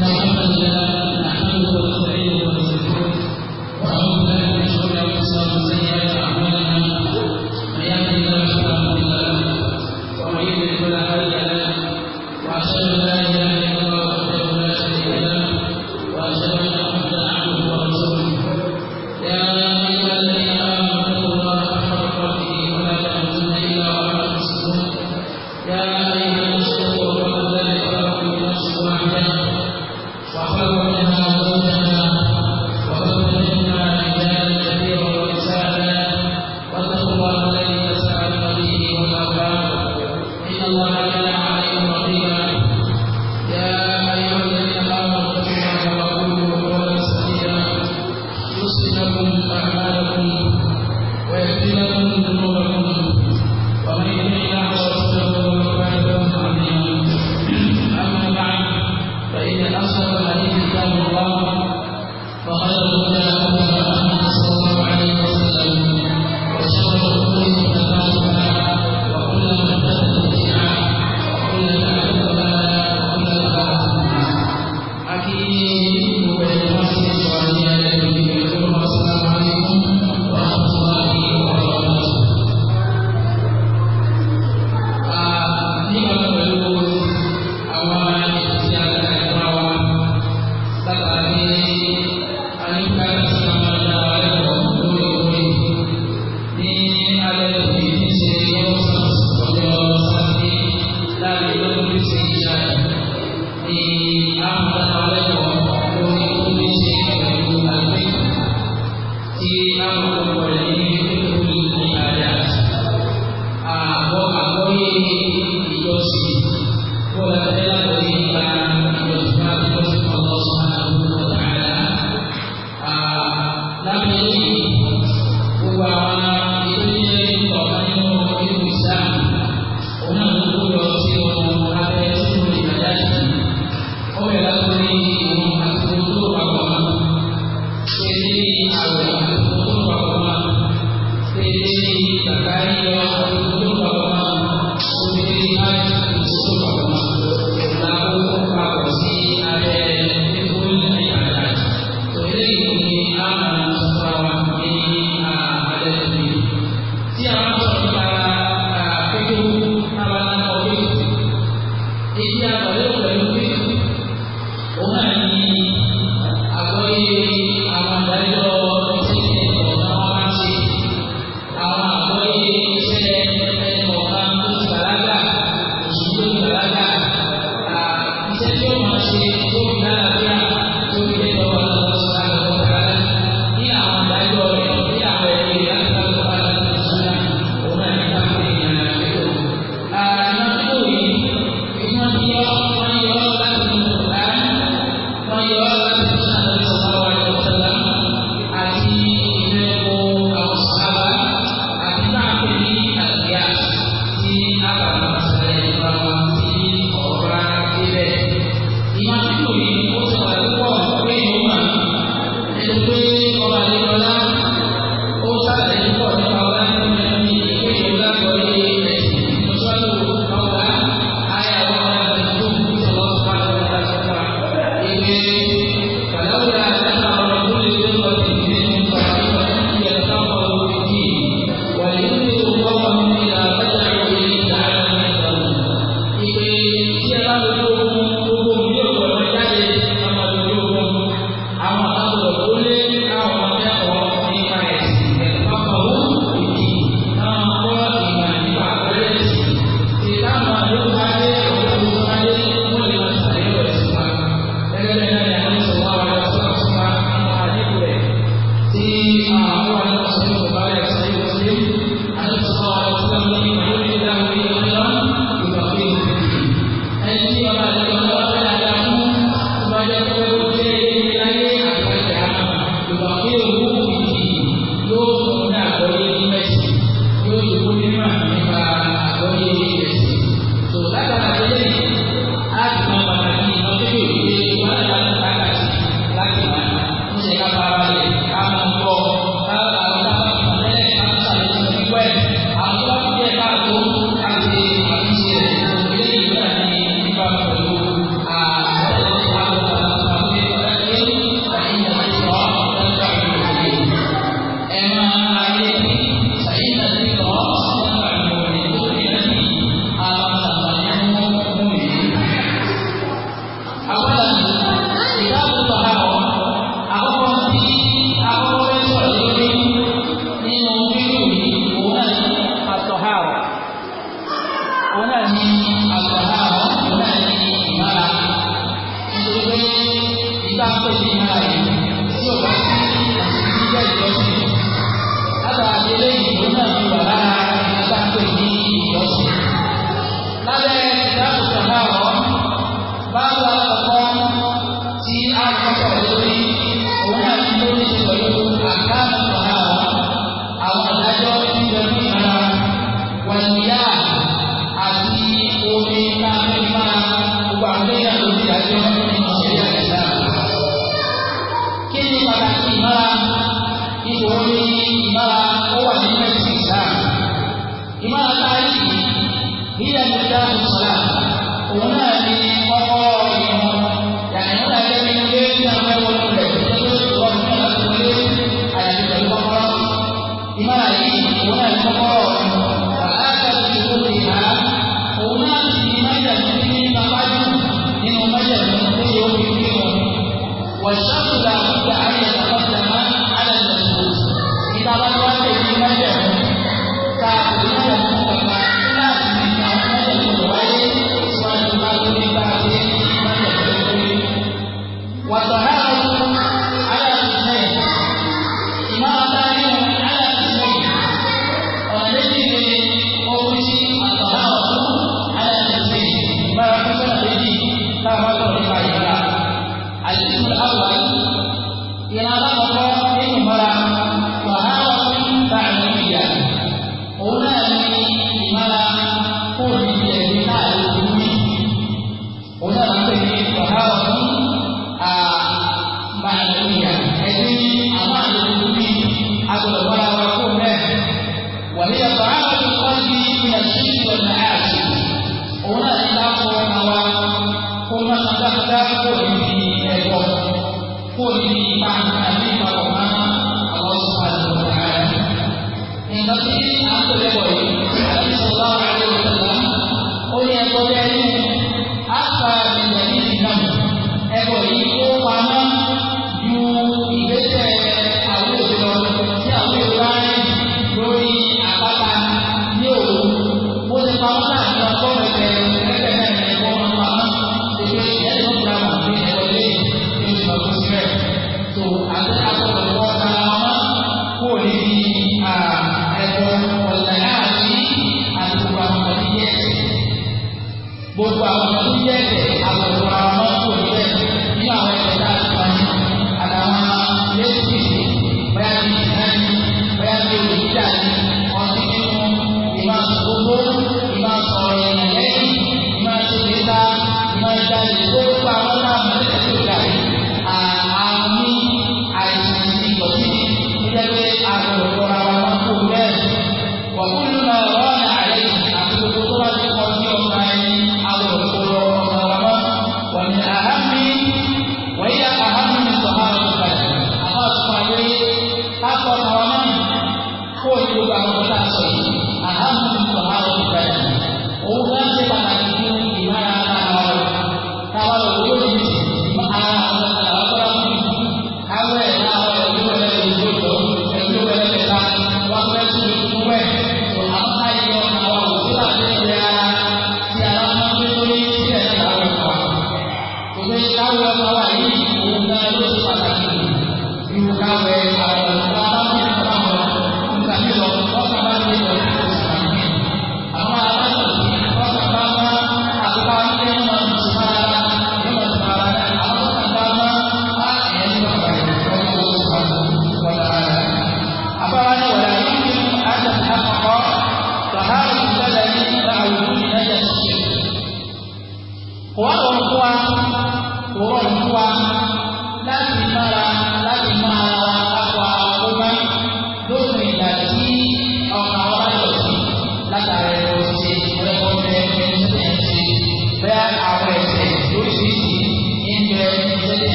نحمده ونستعينه ونستغفره ونعوذ بالله من شرور انفسنا ومن سيئات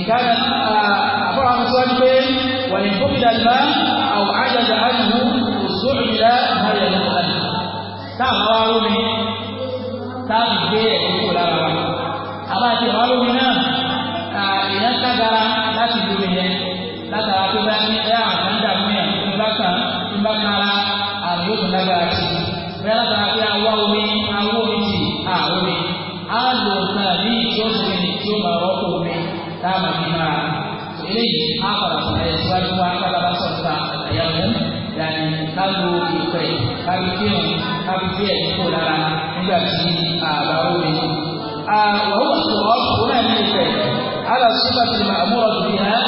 ìdára àbúrò àwọn sọ́ọ́ pé wà ní gómìnà lọ àwọn àjọjọ àjùmọ̀ òṣù ìlà àmàlẹ̀ lọ́wọ́ táwọn wá lómi táwọn gbé ẹ̀kọ́ gbé ẹ̀mí kó lára nígbà tí àbá omi. àwọn ọ̀sùn ọ̀sùn náà ní ìfẹ́ alàsùnmọ̀ ti máa múra tó bí hàn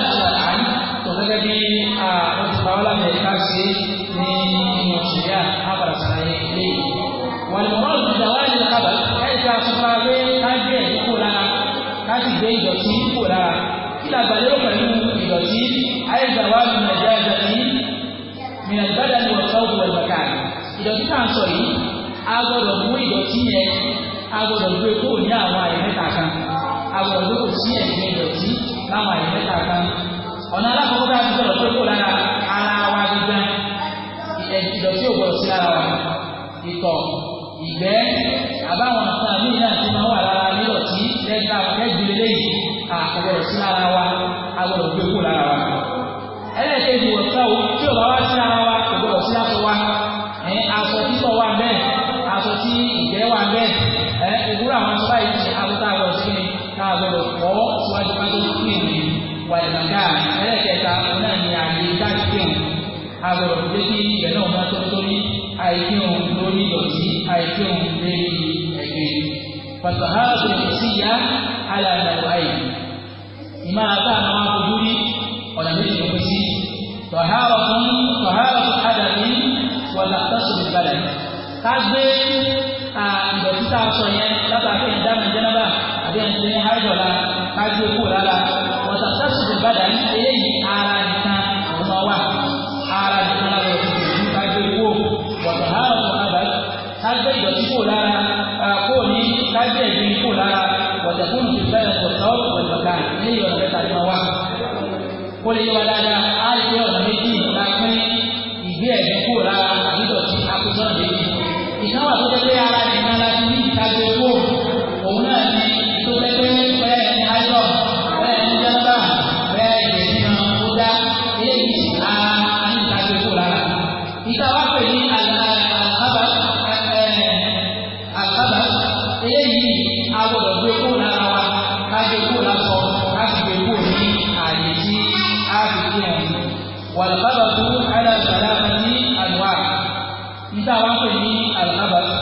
wàlùkábàtú aláṣàlá ní àlùwà níta wá pè ní àlùkábàtú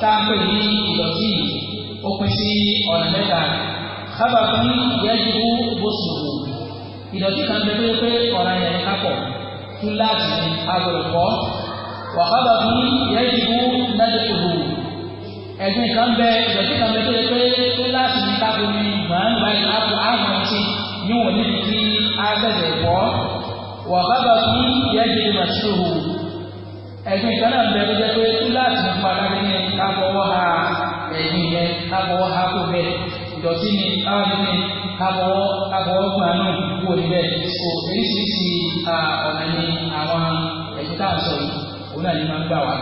tá a pè ní ìdọ̀tí ó pín sí ọ̀nà mẹ́ta kábàtú yẹ́jú bóṣùwò ìdọ̀tí kan bẹ pé pé ọ̀ràn yẹn kápọ̀ tún láti agbọ̀rọ̀kọ́ wàkábàtú yẹ́jú lẹ́dẹ̀kọ̀ọ́ ẹ̀gbìn kan bẹ ìdọ̀tí kan bẹ pé pé tún láti ní kápọ̀ ní màá ń bá ìlú àpò níwọ̀n níbi wàhábà tún yẹ kí ni màtí òhù ẹ̀gbìn kan náà bẹ̀rẹ̀ jẹ́ pé láti nípa láti ní káfọwọ́ ha ẹ̀yìn yẹn káfọwọ́ ha kò bẹ́ẹ̀ ìdọ̀tí ni káwọn ní káfọwọ́ káfọwọ́ gbà náà wò níbẹ̀ kò oríṣiríṣi ọ̀nà ni àwọn ẹ̀yìn tá à ń sọ yìí òun náà ni máa ń gbà wá.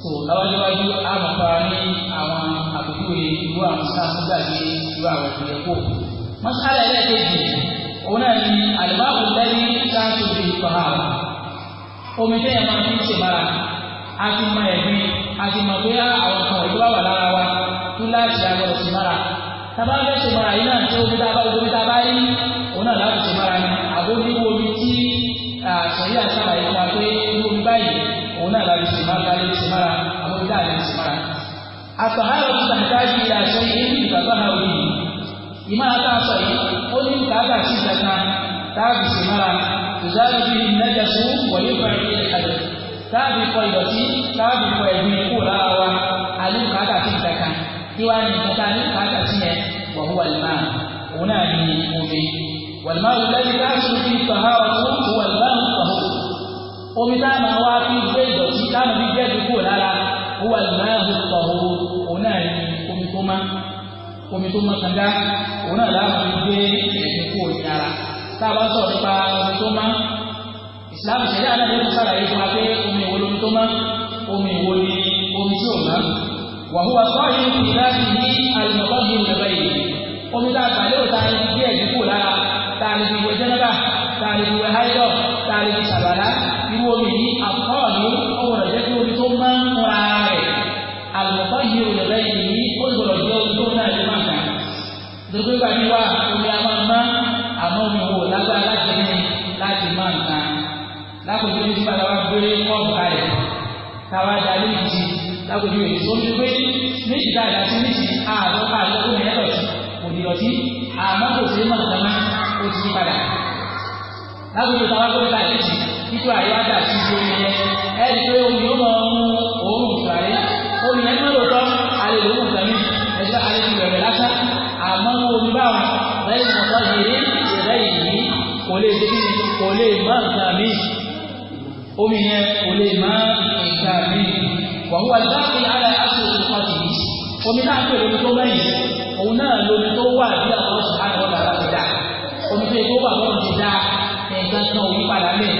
tó láwájúwájú á mọ̀ pa ní àwọn àbùkù ìlú àwọn sáà nígbà tí ìlú àwọn ìlú òun náà ni àlùbáàbò tẹ́lí sáàtù bí ìfọ̀hà omi tẹ́yà máa fi ń ṣe bára a ti mọ ẹ̀gbin a ti mọ pé àwọn kan ìlú wà lára wa tún láti agbọ̀dọ̀ sí bára tábà fẹ́ ṣe bára yìí náà tí omi tá a bá omi tá a bá rí òun náà láti ṣe bára ni àbó níwó omi tí àṣàyí àṣàlàyé fún wa pé irú omi báyìí òun náà láti ṣe bára láti ṣe bára àbó táàbì sí mára tòzáàbì bíi nẹ́jẹ̀sù wọ̀nyí pẹ̀lú ìdàgbẹ̀ táàbì kọ ìdọ̀tí táàbì kọ ẹ̀gbìn kú lára wa àlù kàtà sí ìdàkà kí wàá ní ìdàkà ní kàtà sí yẹn wọ̀hú wàlímà òun náà ní omi wàlímà wò lẹ́yìn káàsù bíi tọ̀há ọ̀tún tó wàlímà ọ̀hún omi táàmà wá fi gbé ìdọ̀tí táàmà fi gbé ẹ̀gbìn kú lára wàlímà ọ̀hún òun náà ní omi tó má omi tó má kanga òun náà láwọn fi gbé ẹ̀gbìn kú lára tá a bá sọ̀rọ̀ nípa omi tó má ìsìláàmù ṣẹlẹ̀ aláàbẹ̀ tó sàlàyé fún wa pé omi ìwo lomi tó má omi ìwo ni omi tí ò má wàhùwà sọ́ọ̀yì ìdájì ní àlùmọ̀kọ́ ní ìjọba yìí omi tá a gbà lérò tá a bí ẹ̀dínkù lára tá a ní ìwé jẹ́nẹ́bà tá a ní ìwé háyọ̀ tá a ní ìṣà títú àyíwájà sí omi yẹn ẹni pé omi yóò máa mú òórùn sàrí omi yẹn máa lòótọ́ alẹ́ lòórùn sàmì ẹ̀ṣọ́ alẹ́ ti bẹ̀rẹ̀ lásán àmọ́ omi báwọn lẹ́yìn ọ̀tọ́ yìí ìrẹ́ yìí kò lè dé kò lè má nǹkan mi omi yẹn kò lè má nǹkan mi wọ́n wá láti alẹ́ aṣọ ìfọ̀tì yìí omi náà pè lómi tó bẹ́yìn òun náà lómi tó wà bí àwọn ọ̀sán àwọn ọ̀dà ti dá omi tó yẹ kó wà lọ́rùn ti dá nǹkan kan òun padà mẹ́rin.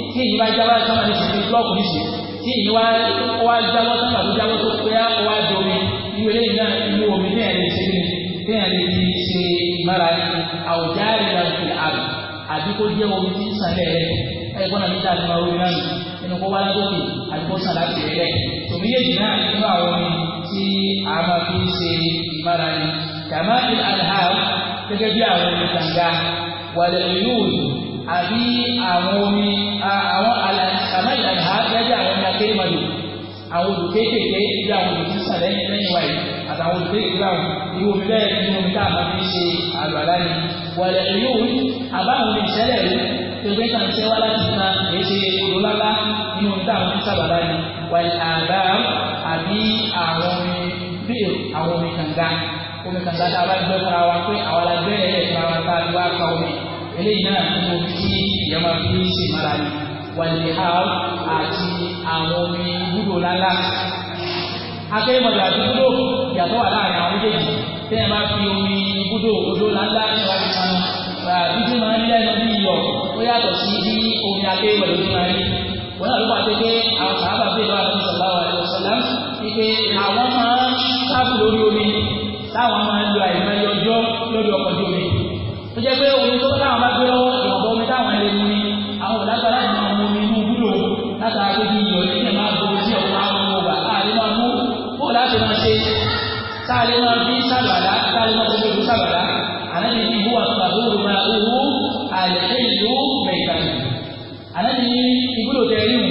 tí èyí bá jábọ́ sọ́mà ní sísè blọ́ọ̀kù ní sísè tí èyí wá wá jábọ́ sọ́mà tó jábọ́ tó pé á wá di omi irú eléyìí náà irú omi ní ẹ̀rẹ́ ṣe ní ní ẹ̀rẹ́ ti ṣe ìmára ní àwùjá ìrìnà ti àrùn àbí kó jẹ́ omi tí ń sàlẹ̀ rẹ̀ ẹ̀gbọ́n àti dáàbò máa wọlé náà nínú kó wá látòkè àti kó sàlá ti rẹ̀ tòmí yéèjì náà nínú àwọn omi tí a máa fi ṣe ìmára ní kàmáàdì àdáhà gẹ́gẹ́ bí àwọn omi kànga wàlẹ̀ ìlú òyìnbó àbí àwọn omi àwọn àmọ́ ìlànà àgbẹ̀jẹ̀ àwọn omi akérèmọdò àwọn olùkéékèèké ibi àwọn olùkísà lẹ́yìn lẹ́yìn wáyé àtàwọn olùkéékèèké báwọn irú omi bẹ́ẹ̀ ni omi tá a máa fi ṣe àlùbàlá ni wọ̀lẹ̀ èyí ò rí àbáwọn omi ìṣẹ̀lẹ̀ rí pépé kan ṣẹ́ wá láti fún wa èyí ṣe èrò lálá nínú omi tá a máa fi sábàlá ni wọ̀lẹ̀ àbá àbí àwọn omi bíi àwọn omi kànga omi kànga tá a bá gbẹ́ fúnra wa pé àwọn alágbẹ́ ẹ̀ẹ́dẹ̀ẹ́dẹ́ fúnra wa tá a ti wá ka omi eléyìí náà nínú tí ìyẹn máa fi ń ṣe ìmọ̀ra ni wàlẹ̀ ha àti àwọn omi gbúdò lálá. akérèmọ̀lẹ̀ àti gbúdò yàtọ̀ wà láàrin àwọn méjèèjì tẹ́ ẹ máa fi omi gbúdò odó lálá níwájú kan títí máa ń lẹ́nu bí iyọ̀ ó yàtọ̀ sí bí omi akérèmọ̀lẹ̀ ojú máa ń rí. wọ́n náà ló wà pé pé àwọn sàábà bèèrè lọ́wọ́ àti sọ̀lá wà lọ́wọ́ sọ̀lá wípé àwọn máa ń sáfù lórí omi táwọn máa ń lo àìmọye ọjọ́ lórí ọkọ̀ ojú omi tó jẹ́ pé omi tó táwọn bá gbé lọ́wọ́ ìwọ̀nba omi táwọn lè mu ni àwọn òdàgbà láti máa mu omi inú wúlò látara pé kí iyọ̀ ní ẹ̀ máa bomi sí ọ̀pá àwọn ọgbà láàrin máa mú kó láti máa ṣe sáàlẹ̀ máa bí sàgbàdá sáàlẹ̀ máa tóbi ìlú sàgbàdá ànábi ní ìbú àtúntà tó rò máa owó àlẹ́ ìlú mẹ̀ta ànábi ní ìbúlò tẹ̀rín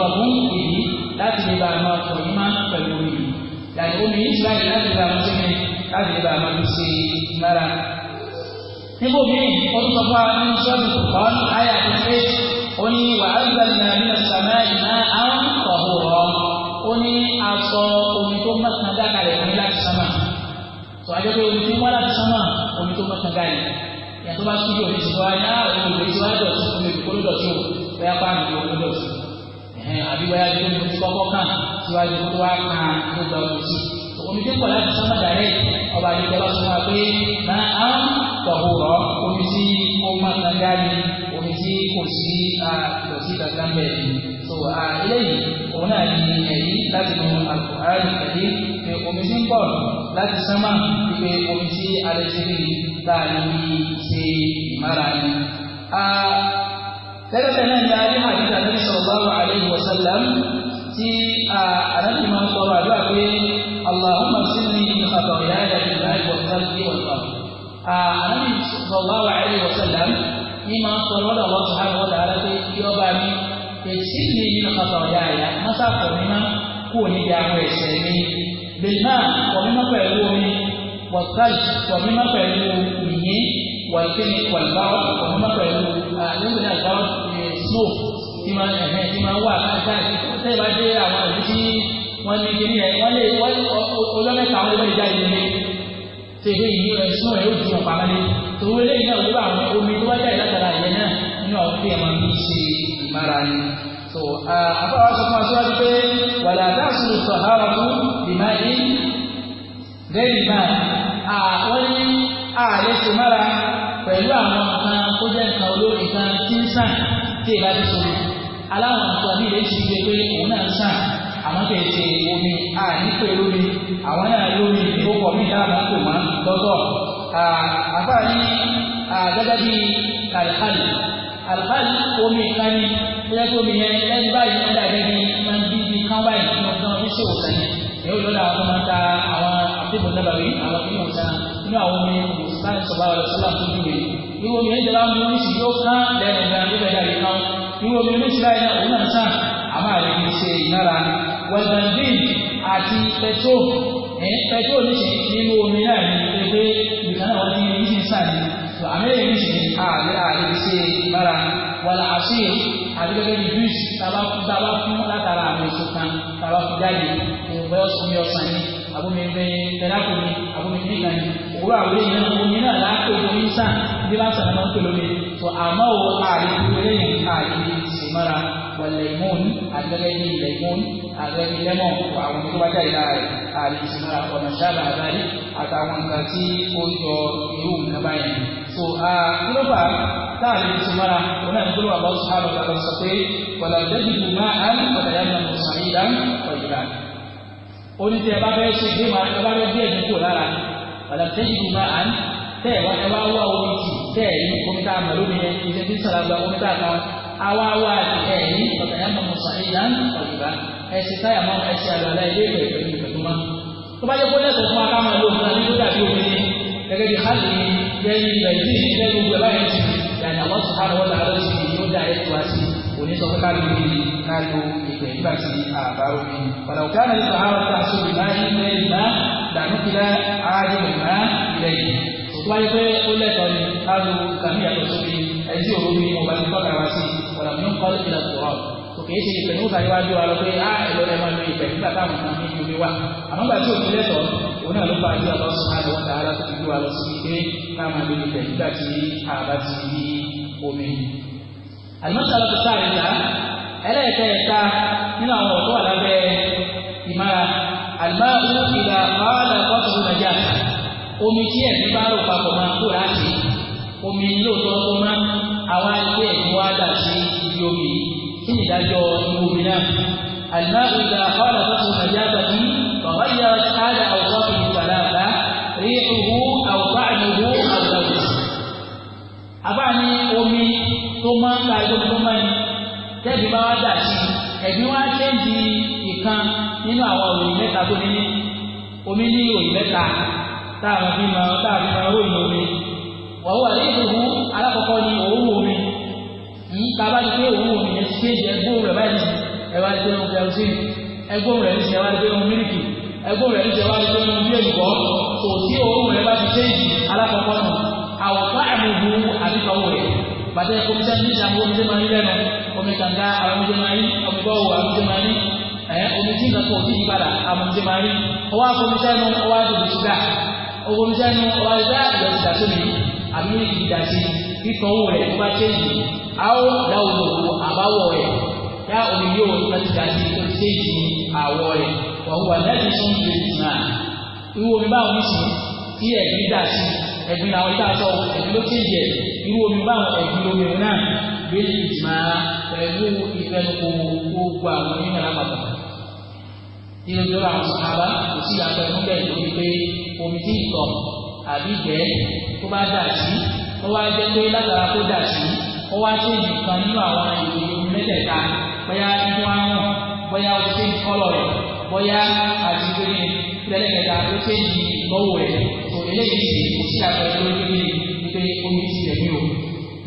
wà fún ìdí láti lè bá a máa sọ yìí máa pẹ̀lú omi yìí yàtọ̀ omi yìí ti báyìí láti lè bá a máa sẹ́yìn láti lè bá a máa fi ṣe ìmọ̀ra. níbo mi ó tún sọ fún wa nínú sọ́ọ̀dù kọ̀ọ̀n ayé àtúnṣe ó ní wà ní àmì ìsàmà ìná àwọn ọ̀hùrọ̀ ó aṣọ omi tó mọ̀tàn dákàlẹ̀ fún láti sánmà tó a pé omi tó mọ́ láti sánmà omi tó mọ̀tàn dákàlẹ̀ yàtọ̀ bá túbọ̀ síwájú tó wá kan tó gba òkùtì omi tí ń pọ̀ láti sọ́nà dàrẹ́ ọba àdìgbọ́lá sọ ma pé náà á ń tọ̀hù rọ omi tí ó má kan dání omi tí kò sí àdọ̀tí kankan bẹ́ẹ̀ so eléyìí òun náà ní ẹ̀yí láti mú Al-Qur'an Al-Karim pé omi tí ń pọ̀ láti sọ́nà pé omi tí alẹ́ ti rí láàrin ṣe ìmára ni. lẹ́gbẹ̀ẹ́ náà ni a rí àdìgbà Nabi sallallahu alaihi wasallam tí àdájú máa ń sọ̀rọ̀ àdúrà pé Allahumma sinni ìfàtọ̀ ìyá ẹ̀dá ìlà ìwọ̀sán sí ìwọ̀sán. àdájú sallallahu alaihi wasallam ní máa ń sọ̀rọ̀ lọ́dọ̀ wọ́n sọ̀rọ̀ àwọn ọ̀dà rẹ̀ pé kí ọba mi èsì ni ìfàtọ̀ ìyá ẹ̀yà mọ́sàkọ̀ mi máa kú níbi àwọn ẹ̀sẹ̀ mi. bèlá wọ̀ mímọ́ pẹ̀lú omi pẹ̀lú ìyín wọ̀lẹ́kẹ́ni wọ̀lẹ́bá wọ̀ mímọ́ pẹ̀lú àlẹ́wọ̀n wọ́n ní kíní ẹ̀ wọ́n lè wọ́n ọjọ́ mẹ́ta wọ́n lè wọ́n lè jáde nílé tó ìwé ìlú rẹ̀ sún rẹ̀ yóò fi hàn pàmẹ́lẹ́ tó wọ́n lè yín àwòrán àwọn omi tó wájà ìlàkàrà yẹn náà nínú àwọn tó yẹ máa fi ṣe ìmára ni. tó àbáwá sọ fún aṣáájú pé wàlá dáàsùn sọ̀hárà fún ìmáyé bẹ́ẹ̀ni máa àwọn ní ààrẹ ti mára pẹ̀lú àwọn nǹkan tó jẹ́ nǹkan olórí kan tí ń sàn tí ìbá ti sọ̀rọ̀ aláwọn nǹkan bí ilé ti gbé pé òun náà ń sàn àmọ́ kì í ṣe omi àìnípe lómi àwọn náà lómi ìfowópamọ́ mi náà máa ń tò wọ́n lọ́tọ̀. àbá ní gẹ́gẹ́ bí alhali alhali omi kan ní bóyá tó omi yẹn ẹni báyìí ó dàgẹ́ bí máa ń bí bí kán báyìí ní ọjọ́ fi ṣe òsàn yẹn èyí ò lọ́dọ̀ àwọn tó máa ń ta àwọn àfihàn náà lọ́wọ́ àwọn fi hàn sáà nínú àwọn omi ìsìláàmù sọ̀rọ̀ àwọn ìsìláàmù tó dúró yìí irú omi yẹn jẹ́ láwọn omi oríṣiríṣi ó kán lẹ́nu ìgbà nígbà ìgbà ìkan irú omi oríṣiríṣi láyé náà òun náà sáà àmàlẹ́ fi ṣe ìnára wẹ̀lẹ̀dín àti pẹtró ẹ̀ pẹtró ní ṣe nínú omi náà ní pépé ìgbàlá wọn ní ní ṣe sàn ní tó àmẹ́lẹ́ ní ṣe àlẹ́ àlẹ́ ṣe ìnára wàlà àṣìyẹ àti gẹ́gẹ́ bí juice tàbá fún tàbá fún látara àwọn èso kan tàbá fún jáde ìgbẹ́ ọ̀sán mi ọ̀sán ni àbómi bẹ́ẹ̀ tẹ̀lákò mi àbómi nígbà ni òwúrọ̀ àwọn èèyàn omi náà láàpẹ̀ omi sàn bí wọ́n sàn máa ń pè lómi tó àmọ́ òwò àìlú eléyìí àìlú ìsèmára wàlẹ́mọ́n àgbẹ̀lẹ́bí lẹ́mọ́n àgbẹ̀bí lẹ́mọ́n àwọn tó bá jáde lára rẹ̀ àlìsímára ọ̀nà sábà àdáyé àtàwọn nǹkan tí ó jọ irú nǹkan báyìí. so kílófà táàrí ìsúmára ọ̀nà ìgbélé wàlọ́ sábà kàkà sọ pé wàlọ́ lẹ́bí lù máa án ọ̀dàyà náà mọ̀ sàn ìdá ọ̀yìnlá. ó ní tí ẹ bá fẹ́ ṣe gbé máa ẹ bá fẹ́ bí ẹ̀dín kò lára wàlọ́ lẹ́bí lù máa án tẹ́ ẹ wá wá omi tì tẹ́ ẹ̀ yí omi tá a mọ̀ lómi yẹn ìṣẹ́ àwa eh, wa ẹ̀yìn ọ̀tàyà mọ̀mọ́ sàìyà ọ̀yìnbá ẹ̀sìn táyà mọ́ ẹ̀sìn àlọ́lá ilé ìwẹ̀ pẹ̀lú ìgbẹ̀gbọ́n tó bá yẹ kó lẹ́sọ̀ fún akáwọn olóògùn náà nígbà tí ó fi gẹ́gẹ́ bí hàlì gẹ́gẹ́ bí bẹ̀jì gẹ́gẹ́ gbogbo ẹ̀ báyìí ti yàrá àwọn sùn àwọn ọ̀tà àwọn sì yóò dá ẹ̀ tó wá sí òní sọ pé káàlù bí káàlù ìgbẹ̀ nígbà tí àbá omi padà òkè àná nípa àwọn ọ̀tà sọ ìgbà sọ́ọ́lù ti lọ́sùn rọ̀ kò kìí ṣe ìpè nígbà yìí wá bí wa lọ pé á ah, ẹ̀rọ ẹ̀ máa lo ìpè nígbà táwọn kan ní ìlú wa àmọ́ gbà tí òfin lẹ́tọ̀ọ́ òun náà ló bá bí ọlọ́ sùn àti wọ́n tààrà tó fi lú wa lọ sí pé ká máa lo ìpè nígbà tí a bá ti rí omi. àlùmọ́sálà tó sáà ẹ̀ta ẹlẹ́ẹ̀kẹ́ ẹ̀ta nínú àwọn ọ̀tọ́ wà lábẹ́ ìmára àlùmọ́ ìlà àwọn àgbẹ̀ sí omi yìí kí ni ìdájọ́ inú omi náà àlùmáà ìgbà ọ̀rọ̀ tó tún fàyà bàbí bàbá yà áàdà àwùjọ fi ìgbàlá àbá rí ìhù àwùbá ìhù àwùjọ àbá ní omi tó máa ń ta ẹgbẹ́ tó máa ń tẹ́bi bá wá dà sí ẹ̀bí wá tẹ́ǹdì ìkan nínú àwọn òròyìn mẹ́ta tó ní omi ní òròyìn mẹ́ta táàmù fi táàmù fi máa ròyìn omi wàhùn àdéhùn alákọ̀ọ́kọ́ ni òun omi ń bàbá ti pé òun ò ní ṣe jẹ ẹgbóhùn rẹ báyìí ẹ wá gbé ohun kerosene ẹgbóhùn rẹ níṣẹ wá gbé ohun mílíkì ẹgbóhùn rẹ níṣẹ wá gbé ohun bí èlùbọ́ kò tí òun rẹ bá ti ṣe ìdí alákọ̀ọ́kọ́ nù àwòká àmùbù àbíkọ̀wò rẹ bàtẹ kọmíṣẹ níṣẹ àwọn omi máa ń lẹnu omi kànga àwọn omi máa ń omi bọ́ọ̀ àwọn omi máa ń ẹ omi tí nǹkan kò tí ì sísanwó rẹ̀ tó bá ṣéèjì àwọ̀ láwùjọ òwò àbáwọ̀ rẹ̀ dá omi yóò wọ́n láti dá sí tó ṣéèjì àwọ̀ rẹ̀ wọ́n wà láti sún ju èyí náà irú omi báwọn ní sùn tí ẹ̀gbin dà sí ẹ̀gbin làwọn ìta sọ ẹ̀gbin ló ṣéèjì ẹ̀ irú omi báwọn ẹ̀gbin lómi náà bí ìjìmá pẹ̀lú ìfẹnukò gbogbo àwọn onímọ̀ lápapọ̀ nínú tó ra àwọn sábà kò sí àpẹẹrẹ mú bẹ́ẹ̀ lórí pé omi tí ìtọ̀ àbí ìgbẹ́ tó bá dà sí ó wá jẹ́ pé látara kó dà sí ó wá sí nìkan nínú àwọn ìròyìn mẹ́tẹ̀ẹ̀ta bóyá inú àwọn bóyá ó ṣe kọ́lọ̀ rẹ̀ bóyá àti pé ní tẹ́lẹ̀kẹta ó ṣe di ìgbọ́wọ́ rẹ̀ kò eléyìí sì kò sí àpẹẹrẹ lórí pé omi ti rẹ̀ ní o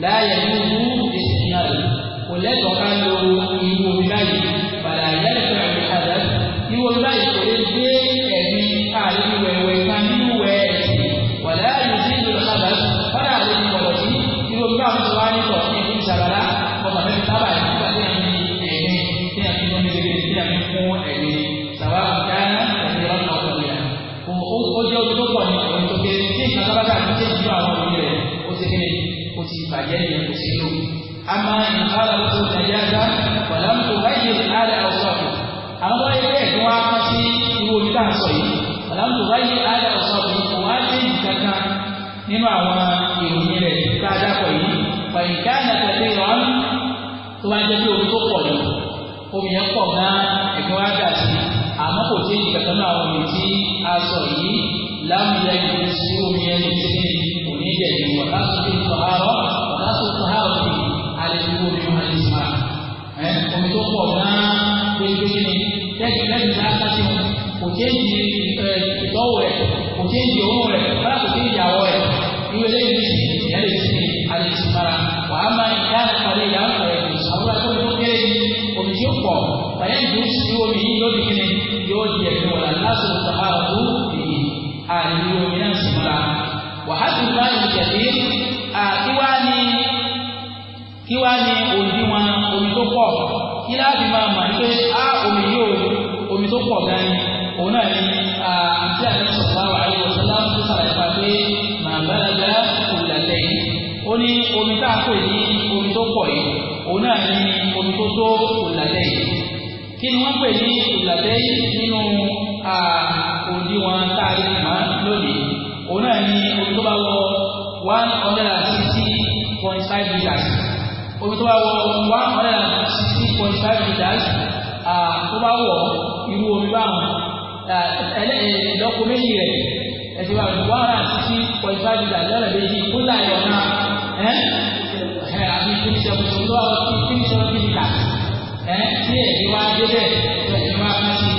láàyè nínú èsì ní àlọ́ kò lẹ́tọ̀ọ́ ká lo irú omi báyìí bàdà ìyá ìfẹ́ àgbẹ̀ àdá irú báyìí tó pọ̀ gan-an gbégbé ni tẹ́sí lẹ́nu láti ṣe kò tẹ́ di ìtọ́wò rẹ̀ kò tẹ́ di owó rẹ̀. aago méjì rẹ̀ ẹ̀sìn wa wàhálà títí point five litre lọ́nà méjì kúlà ìyọ̀nà ẹ̀ ẹ̀ àbí fínísẹ̀ fún lọ́wọ́ fínísẹ̀ fínísẹ̀ ẹ̀ tí ẹ̀sìn wa dé bẹ̀ ẹ̀sìn wa fún sí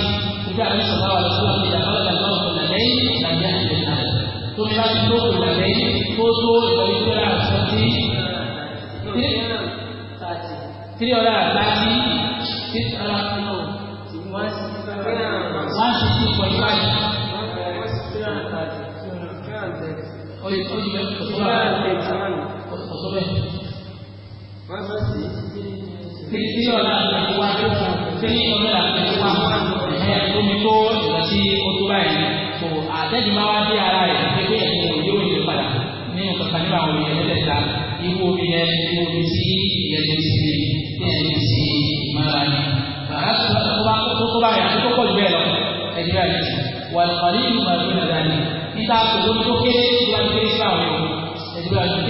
ìgbà àbí sọ̀rọ̀ wà lọ́sọ̀rọ̀ àti ìdàgbọ́ ìdàgbọ́ ọ̀gbọ̀n lẹ́yìn ìdàgbẹ́ àti ìdàgbẹ́ tó ní láti tó kò lẹ́yìn tó tó ìtọ́jú tó rà sọ́tí three hundred six hundred and one sixty two point five. àtẹ́jú máa wá sí ara rẹ̀ pé ẹ̀sìn òye òye padà nínú kankan nípa àwọn ènìyàn mẹ́tẹ̀ẹ̀ta irú omi yẹn irú omi tí ìyẹn tó ti fi ìyẹn tó ti ìmọ̀ra ni. bàbá tó bá yà tó pọ̀ jù bẹ́ẹ̀ lọ ẹ̀jẹ̀ rẹ̀ wà lọ́ọ̀rí ìmọ̀ra títà tó lórí tó kéré tó wá ní kéré sílá òun àti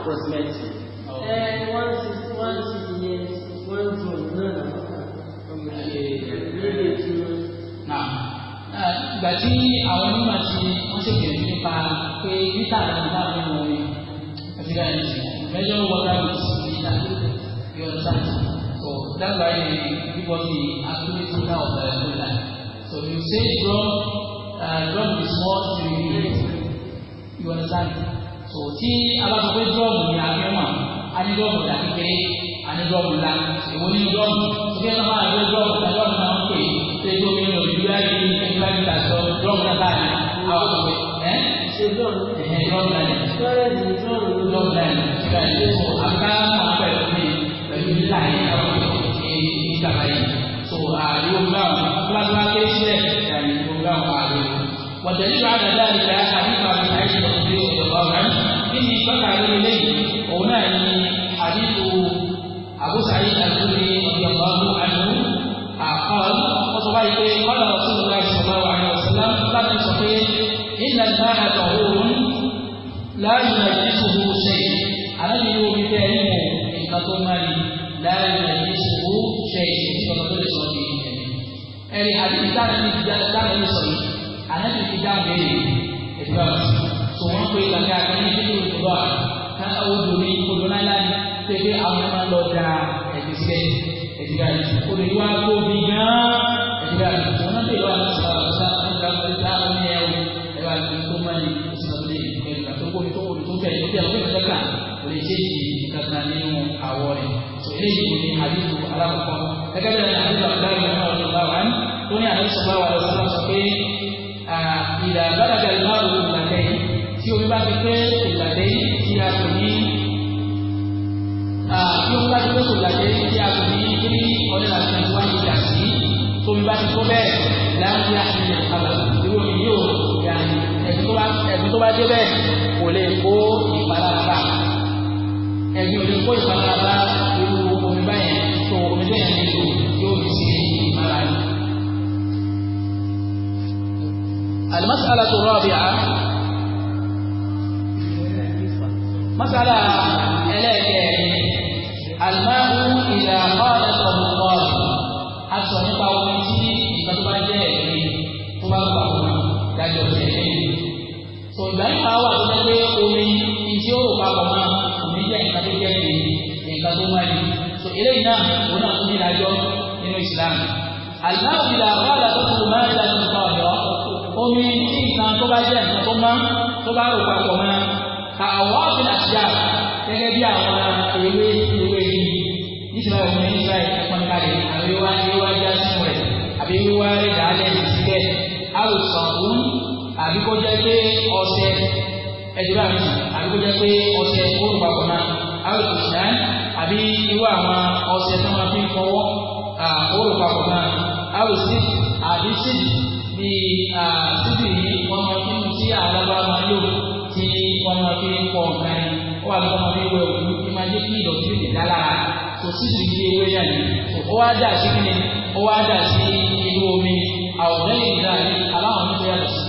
approximate. ẹ wọ́n ti wọ́n ti yẹ wọ́n jù náà lórí ètò. ìgbà tí àwọn onímọ̀ ti wọ́n ṣe bẹ̀rẹ̀ nípa pé mítà àti mítà ló ń wọ̀ mí àti ká ẹni mẹ́jọ wọ́dà ló ti mítà bí ọ̀n sáà so that's why everybody actually took out the whole line so you say draw uh, draw the small to the you understand tó tí alábọ̀ pé dọ́ọ̀mù ni àbí ọmọ àní dọ́ọ̀mù dà kékeré àní dọ́ọ̀mù la èwo ní dọ́ọ̀mù tó kí ẹ sọ máa gbé dọ́ọ̀mù la dọ́ọ̀mù náà ń pè é tó kí omi ní òbí bí láti ẹgbẹ́ bí ta sọ dọ́ọ̀mù náà báyìí àwọn ọmọ ẹ ṣe dọ́ọ̀mù ẹ̀ dọ́ọ̀mù náà dọ́ọ̀mù náà ṣe àìsèso àbíká àwọn pẹ̀lú mi pẹ̀lú láyé àwọn ìjàmbá yìí tó àyè ó gbà wọn pray like that. débẹ̀ kò lè kó ìpalára ẹ̀yin ò lè kó ìpalára irú omi báyẹn tó omi tó yẹn nílò yóò fi sí ìmọ̀ra yìí. المسألة الرابعة مسألة ewé ewé yìí nísìnyí ọmọ nísìnyí ẹ̀pọ̀n kalẹ̀ àwọn ewé ewé ajá sí rẹ̀ àbí ewé wa rẹ̀ dàálẹ̀ sílẹ̀ àwòsàn òun àbí kó jẹ́ pé ọṣẹ ẹ̀dúrà mi àbí kó jẹ́ pé ọṣẹ òun papọ̀ náà àwòsàn ṣáà àbí irú àwọn ọṣẹ tó máa fi fọwọ́ òun papọ̀ náà àwòsàn àbí sídìí bí sídìí yìí wọ́n máa fi máa lò tí wọ́n ìdá lára tó sì sì di ewé náà ni ó wá dà sí kíni ó wá dà sí inú omi àwòrán yìí dà ní aláwọ̀ ní bóyá lọ́sí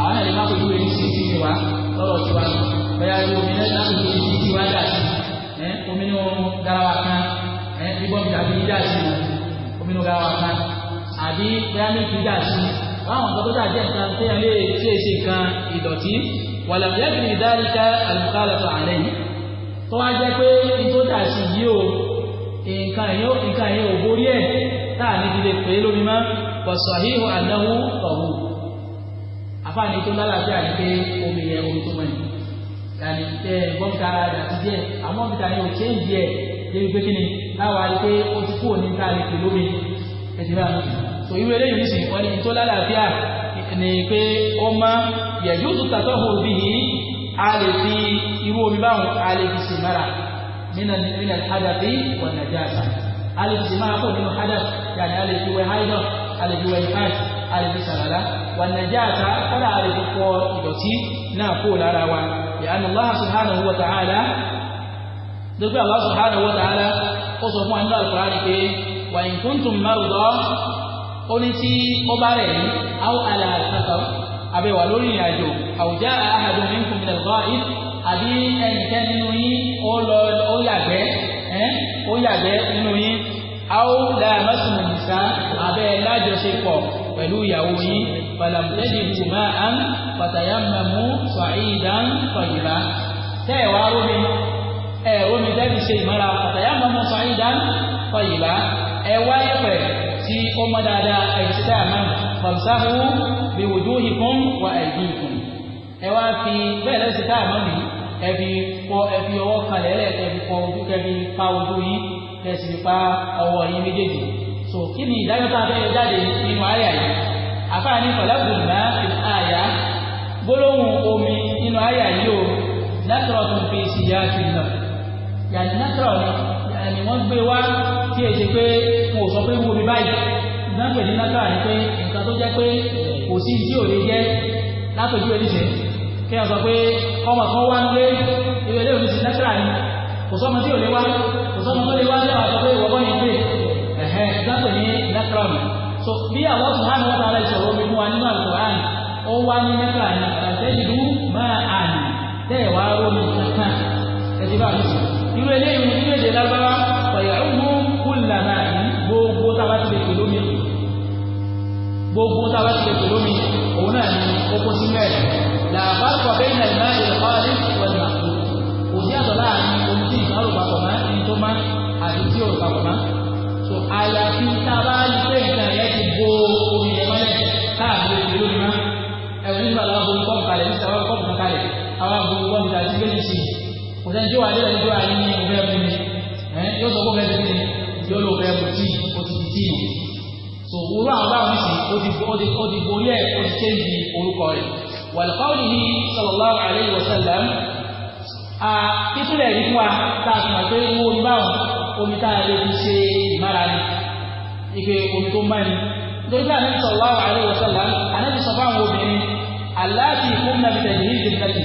àwọn ẹ̀rí má pẹ̀lú èyí sí ti wa lọ́rọ̀ tí wa bóyá ní omi náà náà pẹ̀lú èyí tí wa dà sí omi ní wọn garawa kan ibọ̀ mi tàbí dà sí omi ní garawa kan àbí bóyá ní kí dà sí báwọn nǹkan tó dà jẹ́ nǹkan tó yẹ lé ṣe é ṣe nǹkan ìdọ̀tí wàlàmìyàgbìn ìdáríkà tó wá jẹ́ pé tó dà sí yìí o nǹkan yẹn nǹkan yẹn borí ẹ̀ tá a níbi lè pè é lómi mọ́ pọ̀sọ̀ híhu ànáwó tọ̀wù àfààní tó lálàáfíà ni pé omi yẹn omi tó mọ̀ ní yàrá ẹ bọ́ǹkà àti díẹ̀ àmọ́ bìtà yẹn ò ṣe ń díẹ̀ débi pé kí ni láwa rí pé ó ti kú òní tá a lè pè lómi ẹ̀sìn náà tò ìwé eléyìí nísìnyí wọ́n ní tó lálàáfíà ni pé ó má yóò tún tàtọ́ hù bíi a lè fi irú omi báwọn a lè fi sì mara nínú nínú hadathi wa najasa a lè fi sì mara kó nínú hadath yàrá a lè fi wẹ̀ haidọ a lè fi wẹ̀ ifáàt a lè fi sàràlá wa najasa kọ́lá a lè fi fọ ìdọ̀tí náà kó lára wa yàrá Allah subhanahu wa ta'ala dókè Allah subhanahu wa ta'ala ó sọ fún wa nínú al pé wa in kuntum marida ó ní tí ó bá rẹ̀ yìí aw ala abẹ́wà lórí ìrìn àjò àwùjá ahadun minkum min al-gha'ib àbí ẹnìkan nínú yín ó lọ ó yàgbẹ́ ó yàgbẹ́ nínú yín àwọn làmásùmù nìsá abẹ́ lájọṣepọ̀ pẹ̀lú ìyàwó yín pàlàmùtẹ́jì kùmá àn pàtàyàmàmù sàìdàn tọ̀yìnbá tẹ́ ẹ̀ wá rómi ẹ̀ rómi tẹ́bi ṣe ìmọ̀ra pàtàyàmàmù sàìdàn tọ̀yìnbá ẹ̀ wá ẹ̀pẹ̀ tí ó mọ́ dáadáa ẹ̀ sí dáa náà famsahu bi wujuhikum wa aydikum ẹ wá fi bẹ́ẹ̀ lẹ́sìn tá a mọ̀ nìyí ẹ fi fọ ẹ fi ọwọ́ kalẹ̀ lẹ̀ ẹ fi fọ ojú kẹ fi pa ojú yìí kẹ sì pa ọwọ́ yìí méjèèjì so kí ni ìdájọ́ tá a fẹ́ jáde nínú àyà yìí àfáà ní kọ̀lẹ́kùn náà fi àyà gbólóhùn omi nínú àyà yìí o nàtúrọ̀ tó ń fi ìsìyà fi nà yàtí nàtúrọ̀ ni wọ́n gbé wá tí èsì pé mo sọ pé wo mi báyìí ìdájọ́ ìdí lágbára ni pé nǹkan tó jẹ́ pé eh, kò sí tí ò lè jẹ́ látòjú oníṣẹ́ kí wọ́n sọ pé ọmọ kan wá nílé ìwé ilé oníṣẹ́ lẹ́tírà ni kò sọ́mọ tí ò lè wá kò sọ́mọ tó lè wá lẹ́wà sọ pé ìwọ́gbọ́n yìí gbé ẹ̀hẹ́ ìdájọ́ ní lẹ́tírà mi so bí àwọn sùnmọ́ni wọ́n tara ìṣòro omi fún wa nínú àlùkòrán ó wá ní lẹ́tírà ni àtẹ̀jú máa àná tẹ́ẹ̀ wá rómi kankan ẹ̀dí bá mi sùn tá a bá ti lè pẹ̀lú mi òun náà ni ó kó sí mẹ́rin làbá kọ̀ bẹ́ẹ̀ náà ìmọ̀ àyè ọ̀rẹ́ ìwọ̀n ìmọ̀ kò sí àtọ̀ láàrin ohun tí ìgbà rò papọ̀ mọ́ ẹni tó má àti tí ò rò papọ̀ mọ́ so àyàfi tá a bá rí pé nǹkan yẹn ti bo omi ó ti ó ti ó ti borí ẹ̀ ó ti ṣéǹdì orúkọ rẹ̀ wàlùkọ́ọ̀lì ní sallallahu alayhi wa sallam a títúlẹ̀ rí fún wa tá a sọ̀rọ̀ pé owó omi báwọn omi tá a lè fi ṣe ìmára ni ife omi tó máa ni nítorí pé ànábi sallallahu alayhi wa sallam ànábi sọ fáwọn obìnrin aláàfi fún nàbí tẹ̀lé ní ìdílé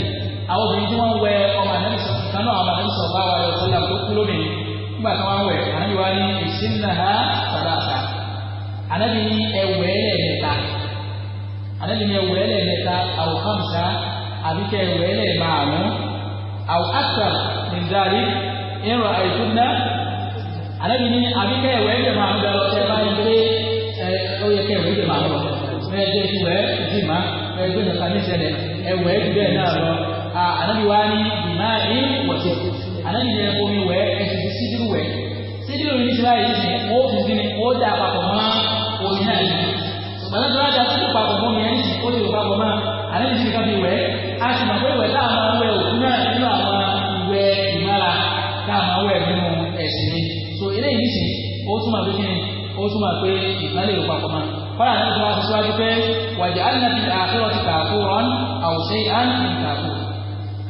àwọn obìnrin tí wọ́n wẹ ọmọ ànábi sọ̀rọ̀ kan náà ọmọ ànábi tó kú lómi nígbà tí wọ́n wẹ̀ ànábi ní ìsinmi anabi ní ẹwẹ ẹlẹ́ẹ̀mẹ́ta anabi ní ẹwẹ ẹlẹ́ẹ̀mẹ́ta àwọn hamsa àbíkẹ́ ẹwẹ ẹlẹ́ẹ̀márùn àwọn akthar min dhalik in ra'aytunna anabi ní àbíkẹ́ ẹwẹ ẹlẹ́ẹ̀márùn bẹ̀rẹ̀ ọ̀tẹ̀ báyìí pé ẹ ó yẹ kẹ́ ẹwẹ ẹlẹ́ẹ̀márùn lọ bẹ́ẹ̀ jẹ́ ti wẹ́ ti má bẹ́ẹ̀ gbé nǹkan ní ìṣẹ̀lẹ̀ ẹwẹ ẹbí bẹ́ẹ̀ náà lọ anabi wa ní ìmá ẹ̀ wọ̀tẹ̀ anabi ní omi wẹ́ ẹ̀sìn sídìrú wẹ́ sídìrú ní ti báyìí ó ti dín mọ̀lẹ́ tó lájà tó kó papọ̀ mi ẹni tí ó ti kó papọ̀ mọ́ àlẹ́ yìí ti ká fi wẹ̀ á sì mọ̀ pé tá a máa wẹ̀ òkú náà nínú àwọn ìwẹ̀ ìmára tá a máa wẹ̀ nínú ẹ̀sìn mi so eléyìí nìsín ó túmọ̀ pé kíni ó túmọ̀ pé ìgbàlẹ̀ yóò papọ̀ mọ́ kọ́lá náà tó wá sí síwájú pé wàjà alinabi àkérò ti kàfó rán àwòṣe àǹtí kàfó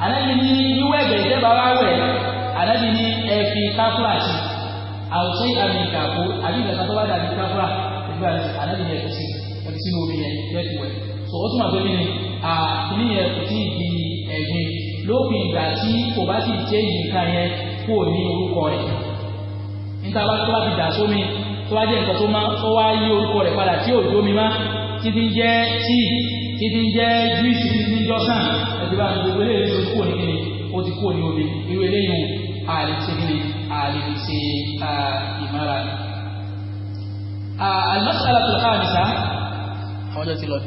àlẹ́bi ní wíwẹ̀ bẹ̀rẹ̀ tẹ́ bàbá wẹ̀ àlẹ́bi ní ẹ fi káfúrà sí àwòṣe àmì kàfó àbí ìgbà tó bá dàbí káfúrà ìgbà àlẹ́bi ní ẹ sí i sínú omi yẹn lẹ́tù wẹ̀ so ó túmọ̀ pé kí ni àkíní yẹn kò tí ì di ẹ̀gbin lópin ìgbà tí kò bá ti jẹ́ ìyíká yẹn kúrò ní orúkọ rẹ̀ níta bá tó bá ti dà sómi tó bá jẹ́ nǹkan tó máa tó wá yí orúkọ rẹ̀ padà tí òjò mi má títí ń jẹ́ tíì títí ń jẹ́ júìsì títí ń jọ́sàn ẹ̀dùn bá gbogbo eléyìí ló kúrò ní kíni ó ti kúrò ní omi irú eléyìí àlè ti kíni àlè ti ìmára. المسألة الخامسة àwọn ọjọ́ ti lọ.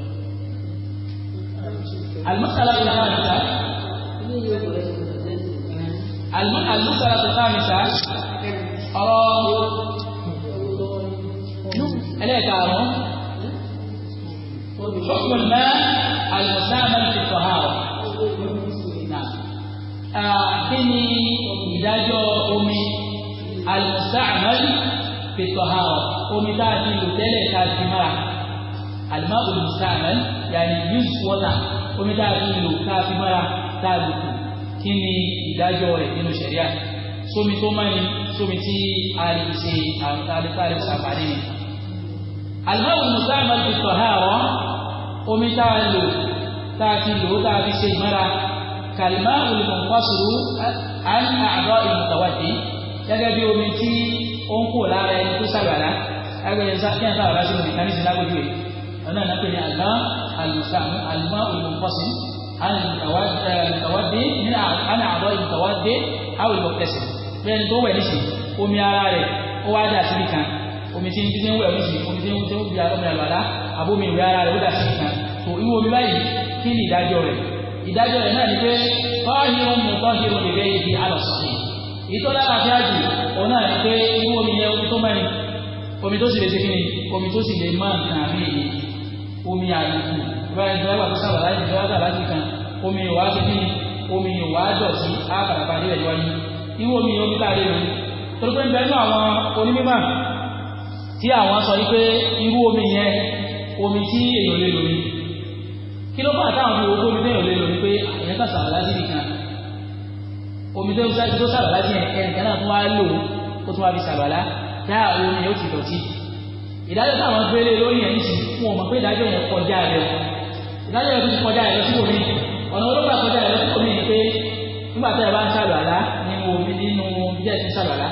àlùmọ́sálà tó dára níta. àlùmọ́sálà tó dára níta. ọ̀rọ̀ ẹlẹ́ẹ̀kaàrún. حكم الماء المستعمل في الطهارة. kí ni ìdájọ́ omi المستعمل في الطهارة omi tá a ti lò tẹ́lẹ̀ tá ti mára alimami olùsàmẹ́ yàrá use water omi tá a fi lò tá a fi mọ́ra tá a lò kù kí ni ìdájọ́ rẹ̀ nínú sẹ̀ríà sómi tó máa ní sómi tí a lè ṣe àwọn tá a lè ṣàǹfààní ni. alimami olùsàmẹ́ ti sọ̀ ha ọ́ omi tá a lò tá a fi lò tá a fi ṣe ìmọ́ra kàlímà olùmọ̀kọ́sùrù àìní àbọ̀ ìmọ̀tàwádìí gẹ́gẹ́ bí omi tí ó ń kó lára ẹni tó ṣàgbàlá ẹgbẹ́ yẹn sábà sínú ìkànnì sí lágbójú yìí ọ̀nà ìlànà pé ní àlá àlùsàmù àlùmá olùmọ̀kọ́sí àlùmọ̀kọ́wádé ní àná àbọ̀ ìmọ̀kọ́wádé àwòlùmọ̀kẹsì bẹ́ẹ̀ ni tó wẹ̀ níṣì omi ara rẹ̀ ó wá dà síbi kan omi tí ń tí ń wẹ̀ níṣì omi tí ń tí ń bí omi àlọ́lá àbómi ìwé ara rẹ̀ ó dà síbi kan tó irú omi báyìí kí ni ìdájọ́ rẹ̀ ìdájọ́ rẹ̀ náà ni pé tọ́hìrún mú tọ́hìrún lè bẹ́ẹ̀ ibi alọ̀sọ̀kì ìtọ́lá àti tó mẹ́rin ṣe omi tó sì omi àlùkù báyìí dọ́là tó sábà láti dọ́là láti kan omi ìwà kékeré omi ìwà dọ̀tí àbàràbà nílẹ̀ wáyé irú omi omi láàrin rẹ̀ torí pé nbẹ́nu àwọn onímọ̀ tí àwọn sọ wípé irú omi yẹn omi tí èèyàn lè lò ní kí ló bá táwọn fi owó omi téèyàn lè lò ní pé àyẹ̀ kan sábà láti nìkan omi tó sábà láti yẹn ẹnìkan náà tún wá lò ó tún wá fi sábà lá dáa omi yẹn ó ti dọ̀tí ìdájọ́ táwọn gbélé lórí ẹ̀ ń sì fún ọmọ pé ìdájọ́ yẹn kọjá rẹ̀ ìdájọ́ yẹn tó kọjá rẹ̀ síbò mí ọ̀nà olóògbà kọjá rẹ̀ síbò mí ni pé nígbà tá ẹ bá ń sàlùwàlá nínú omi nínú jẹ́ ti sàlùwàlá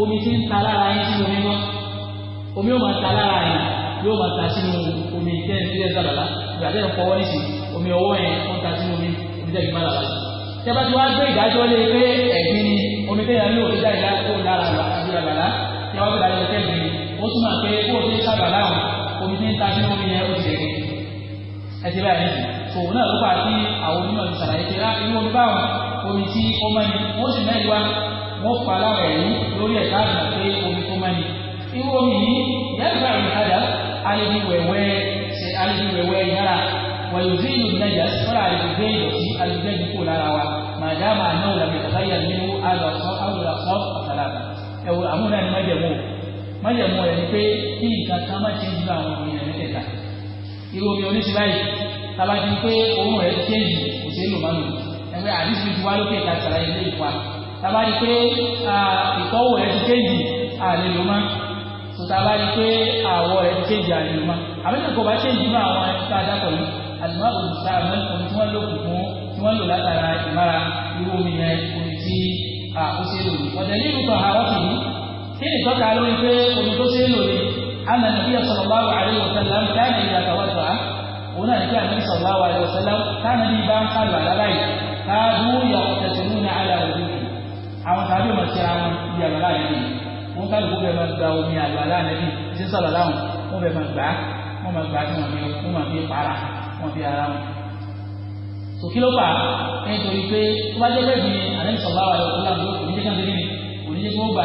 omi ti ń ta lára yín sínú omi mọ́ omi yóò máa ta lára yín yóò máa ta sínú omi jẹ́ ti jẹ́ sàlùwàlá ìgbà tẹ́ ẹ̀ fọwọ́ níṣì omi ọwọ́ yẹn wọ́n ta sínú omi omi jẹ́ ìgbà lára yín tẹ́ bá ti wá gbé ìdájọ́ lé pé ẹ̀gbin ni omi tẹ́ yẹn ní òkúta ìdá ó túmọ̀ pé kó o ti sábà láwọn omi tí ń ta sínú omi yẹn ó ti rẹ̀ ẹ ti báyìí nìyí òun náà ló bá tí àwọn onímọ̀ ti sàlàyé pé ah, irú omi báwọn omi tí ó mọ́ ni wọ́n sì mẹ́rin wá wọ́n pa láwọn ẹ̀rí lórí ẹ̀ka àgbà pé omi tó mọ́ ni irú omi yìí yàtọ̀ àrùn àdá alẹ́bí wẹ̀wẹ́ ṣe alẹ́bí wẹ̀wẹ́ yára wàlúùdí ìlú nàìjà sọ́ra àlùgbé ìdọ̀tí àlùgbé ìdíkò lára wa màdàmà náà làmì tàbáyà nínú àlọ́ àlọ́ àlọ́ àtàlà ẹ̀wọ̀ àmúnáni má májẹ̀mú rẹ̀ ni pé kí nǹkan kan má ṣe ń gba àwọn èèyàn mẹ́tẹ̀ẹ̀ta irú omi oníṣi báyìí tábà ti pé òun rẹ̀ ṣe yìí kò ṣe é lò mánu ẹgbẹ́ àdìsí ti wá lókè ká ṣàlàyé ilé ìfà tábà ti pé ìtọ́wò rẹ̀ ti ṣe yìí àlè ló má tó tábà ti pé àwọ̀ rẹ̀ ti ṣe àlè ló má àbẹ́tẹ̀ kò bá ṣe yìí nínú àwọn ẹ̀ka àdàpọ̀ yìí àdìmọ́ òrùka àwọn tí wọ́n lò fún tí wọ́n lò látara ìmára irú omi yẹn omi ní ọ̀dẹ̀ nínú kan kí ni ìtọ́ka lórí pé omi tó ṣe é lò ní àná nàbí sallallahu alaihi wasallam káàdì ìdàgbà wà tó a òun náà nígbà nàbí sallallahu alaihi wasallam káàdì bí bá ń kálù àlálà yìí káàdù yà tẹ̀sán ní àlà òbí àwọn tàbí ọmọ sí àwọn ibi àlálà yìí wọn kálù kó bẹ́ẹ̀ máa gba omi àlálà nàbí sí sọ̀rọ̀ láwọn wọn bẹ́ẹ̀ máa gbà wọn máa gbà tí wọn máa fi para wọn fi ara wọn òkè ló fà nítorí tó bá jẹ́ bẹ́ẹ̀ ni bá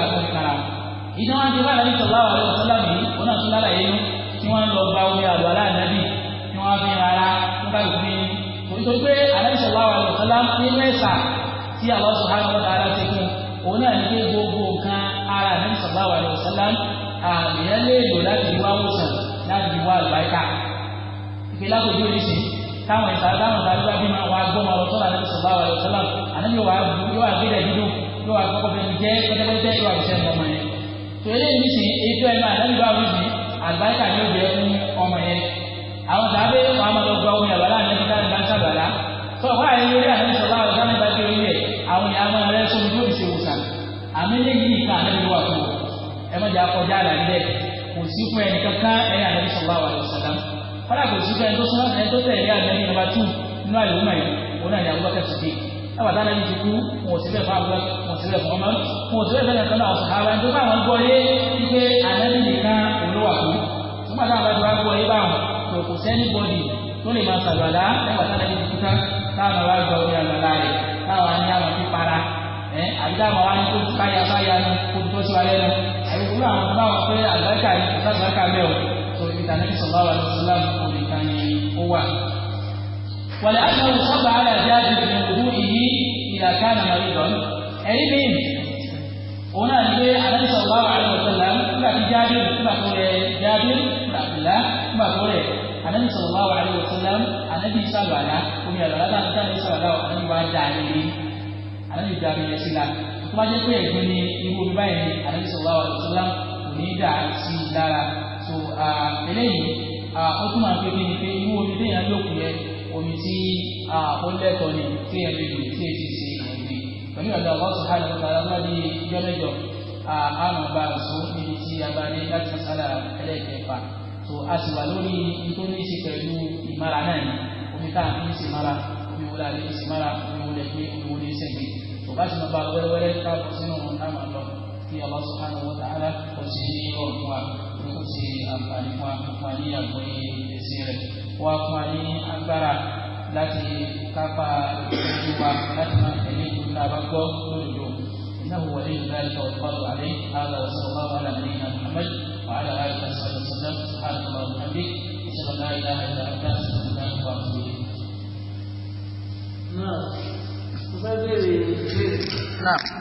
ìdí wọn ti báyìí sọlá wà lọ́wọ́ sọlá mi wọn náà tún lálàyé nu tí wọn lọ gba omi àlọ́ aláàdábì tí wọn fi rárá wọn bá gbé nítorí pé àlẹ́ sọlá wà lọ́wọ́ sọlá nínú ẹ̀sà tí àwọn sọlá wọn dára ti fún òun náà ní pé gbogbo nǹkan ara àlẹ́ sọlá wà lọ́wọ́ sọlá àmìyàn lè lò láti wá wòsàn láti wá àlùbáríkà ìpínlẹ̀ táwọn ìta táwọn ìta gbá bímọ wà gbọmọ ọ̀rọ̀ sọlá àti eléyìí nísìnyí èyí tó ẹnu àdájọ́ àwọn ìsìn àgbáríkà ni ó jẹ fún ọmọ yẹn àwọn sàbẹ̀ wọn a máa lọ gba omi àbálá àti ẹni tá a sàbàlá tó wá ẹni orí àti sọlá àwọn sáà nípa ti orí ẹ àwọn ìyá máa rẹ sómi tó fi ṣe wòsàn àmì eléyìí ìka àdájọ́ wà fún ọ ẹ má jà kọjá àlà ń bẹ kò sí fún ẹni kankan ẹni àdájọ́ sọlá wà lọ sàdá fọlá kò sí fún ẹni tó tẹ̀lé àdájọ́ nọ́mbà 2 nínú àyè sábà tá nàbí ti kú wọn ò sí bẹ́ẹ̀ fún abúlé wọn ò sí bẹ́ẹ̀ fún ọmọ wọn ò sí bẹ́ẹ̀ fẹ́ẹ̀ kan náà sàhábà tó bá wọn gbọ́ yé wípé ànábì nìkan olówà kú nígbà tá àbájọ wa gbọ́ yé báwọn tó kò sẹ́ni bọ́dì tó lè máa sàlùwàlá nígbà tá nàbí ti kú tán táwọn wa gbọ́ orí àlùwàlá rẹ̀ táwọn á ní àwọn fi para ẹ àbí táwọn ní kó tó káyà báyà ní kó tó sí wa lẹ́nu àbí kúrò yìí على جابر من وضوئه إذا كان مريضا أي مين هنا النبي صلى الله عليه وسلم كما في جابر كما قول جابر كما عبد الله كما قول النبي صلى الله عليه وسلم النبي صلى الله عليه وسلم ومن الولادة النبي صلى الله عليه وسلم وجعله النبي جابر يسلا ثم جاء يقول يقول بين النبي صلى الله عليه وسلم onídà sí i lára so eléyìí ó tún máa pé kíni pé irú omi téèyàn ló kù yẹ omi tí ó lẹ́tọ̀ọ́ ni téèyàn lè lò tí èsì ṣe pẹ̀lú ọ̀dọ̀ àwọn sọ̀hánì ọ̀gá aláwọ̀dì yọ́lẹ́jọ́ àmọ̀ bá a sọ níbi tí a bá dé láti sálà ẹlẹ́ẹ̀kẹfà tó a sì wà lórí tó ní í ṣe pẹ̀lú ìmára náà ni omi tá a fi ń ṣe mára omi wo la lè ṣe mára omi wo lè gbé omi wo lè ṣẹ̀gbẹ́ tó bá ti mọ bá wẹ́rẹ́wẹ́rẹ́ ká bọ̀ sínú àmọ̀ lọ kí Allah subhanahu wa ta'ala kò sí ní ọ̀rùn wa kò sí àǹfààní wa kò fún wa ní àgbọ̀yé ẹ̀sìn rẹ̀ wá fún wa ní agbára láti kápá ìlú wa láti máa tẹ̀lé ìlú tá a bá gbọ́ lódodo iná wò ní ìlú láti ọ̀rọ̀ pàdé àlẹ́ àlọ́ sọ̀rọ̀ wà láti ní Muhammad wà á lọ́wọ́ sọ̀rọ̀ sọ̀rọ̀ àlọ́ wà láti ìṣẹ̀lẹ̀ náà ìlà ìlà ìlà sọ̀rọ̀ náà wà lórí. náà